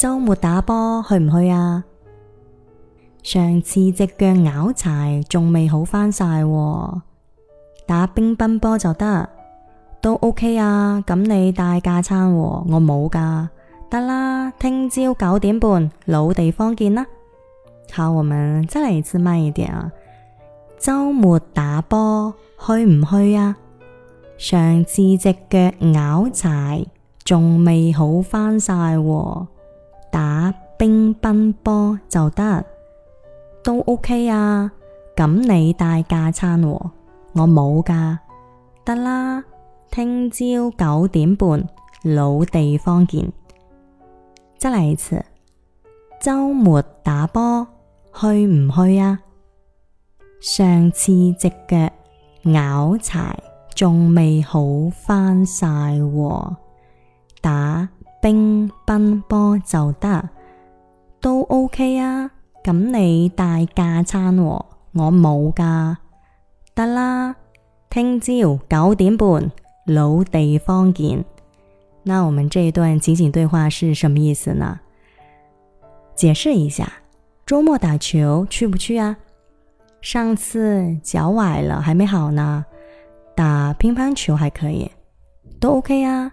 周末打波，去唔去啊？上次隻腳拗柴仲未好返晒、哦，打乒乓波就得。都 OK 啊。咁你帶架撐，我冇㗎。得啦。聽朝九點半，老地方見啦。好，我們再來次慢啲啊。周末打波，去唔去啊？上次隻腳拗柴仲未好返晒、哦。打乒乓波就得，都 OK 啊。咁你帶架撐喎，我冇㗎，得啦。聽朝九點半，老地方見。再嚟一次，周末打波去唔去啊？上次隻腳拗柴仲未好返晒喎，打。冰奔波就得，都 OK 啊，咁你帶架餐我冇噶，得啦，聽朝九點半，老地方見。那我們這一段情景對話是什麼意思呢？解釋一下，周末打球去不去啊？上次腳崴了還沒好呢，打乒乓球還可以，都 OK 啊。